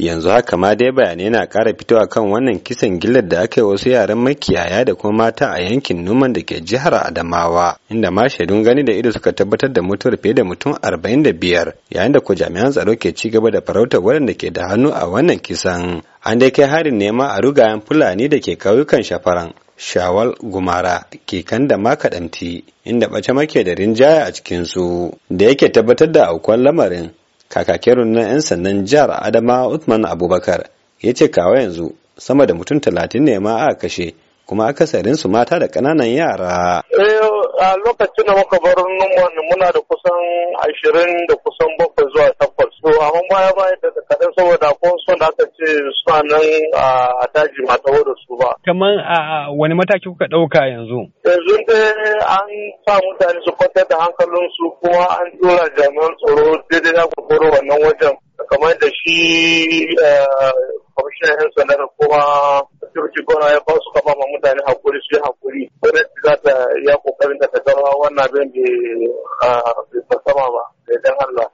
yanzu haka ma dai bayanai na ƙara fitowa kan wannan kisan gillar da aka yi wasu yaran makiyaya da kuma mata a yankin numan da ke jihar adamawa inda ma shaidun gani da ido suka tabbatar da mutuwar fiye da mutum arba'in da biyar yayin da ko jami'an tsaro ke ci gaba da farautar waɗanda ke da hannu a wannan kisan an dai kai harin nema a rugayen fulani da ke kauyukan shafaran shawal gumara kekan da kaɗanti inda ɓace make da rinjaya a cikinsu da yake tabbatar da aukuwar lamarin kakakin na 'yan sannan jihar adama Uthman Abubakar ya ce kawo yanzu sama da mutum talatin ne ma aka kashe kuma akasarin su mata da ƙananan yara. Eh, a lokacin da muka bar muna da kusan ashirin da kusan bakwai zuwa so amma baya baya da kaɗan saboda kun son da aka ce suna nan a daji ba tawo da su ba. Kamar a wani mataki kuka ɗauka yanzu? Yanzu dai an sa mutane su kwantar da hankalinsu kuma an tura jami'an tsaro daidai na kokoro wannan wajen. Kamar da shi eh, kwamishinan 'yan sanda da kuma Turki gona ya ba su kama ma mutane hakuri su yi hakuri. Gwamnati za ta iya kokarin da ta zama wannan abin da bai sama ba. Idan Allah.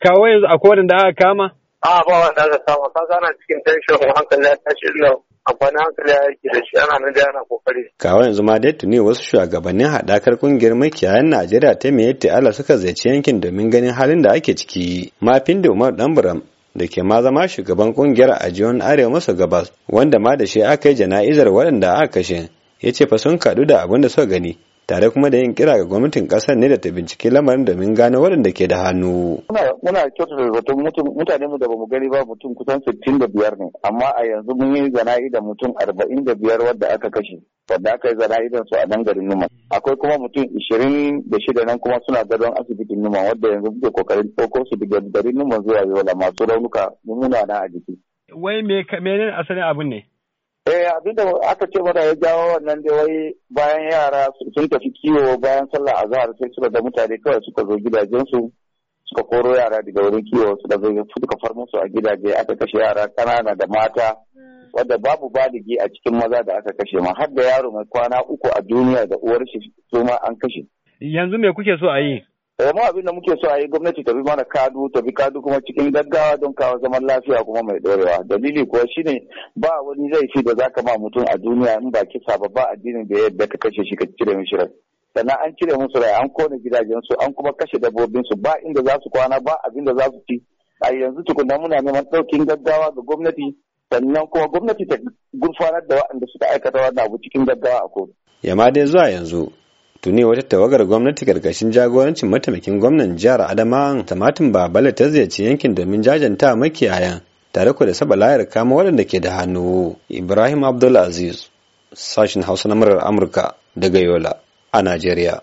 kawo yanzu akwai wadanda aka kama? A ba wanda aka kama, ka zana cikin tension hankali ya tashi ina amfani hankali ya yake da shi ana nan da ana kokari. Kawo yanzu ma dai tuni wasu shugabannin haɗakar ƙungiyar makiyayan Najeriya ta yadda Allah suka ziyarci yankin domin ganin halin da ake ciki. Mafin da Umar Ɗanburam da ke ma zama shugaban ƙungiyar a jihon Arewa maso gabas wanda ma da shi aka yi jana'izar waɗanda aka kashe ya ce fa sun kaɗu da abin da suka gani tare kuma da yin kira ga gwamnatin kasar ne da ta bincike lamarin domin gano waɗanda ke da hannu. Muna kyautata batun mutane mu da bamu gani ba mutum kusan sittin da biyar ne amma a yanzu mun yi zana'i da mutum arba'in da biyar wadda aka kashe wadda aka yi zana'i su a nan garin Numan. Akwai kuma mutum ishirin da shida nan kuma suna gadon asibitin Numan wadda yanzu muke kokarin ɗauko su daga garin Numan zuwa Yola masu raunuka mummuna na a jiki. Wai me menene asalin abin ne? Eh abinda aka ce mana ya jawo wannan da wai bayan yara sun tafi kiwo bayan sallah azhar sai suka da mutane kawai suka zo gidajensu suka koro yara daga wurin kiwo suka zo suka far musu a gidaje aka kashe yara kanana da mata wadda babu baligi a cikin maza da aka kashe ma har da yaro mai kwana uku a duniya da uwar shi su ma an kashe. Yanzu me kuke so a yi? Eh, mu abin da muke so a yi gwamnati ta bi mana kadu ta bi kadu kuma cikin gaggawa don kawo zaman lafiya kuma mai dorewa dalili kuwa shine ba wani laifi da zaka ma mutum a duniya in ba kisa ba ba addinin da yadda ka kashe shi ka cire mishi rai sannan an cire musu rai an kone su an kuma kashe dabbobin su ba inda za su kwana ba abin da za su ci a yanzu tukunna muna neman ɗaukin gaggawa ga gwamnati sannan kuma gwamnati ta gurfanar da waɗanda suka aikata wannan abu cikin gaggawa a kotu. yamma dai zuwa yanzu tuni wata tawagar gwamnati karkashin jagorancin mataimakin gwamnan jihar adama tamatin babale ta ziyarci yankin domin jajanta makiyayan tare ku da saba layar kama waɗanda ke da hannu ibrahim abdulaziz sashin hausa na murar amurka daga yola a najeriya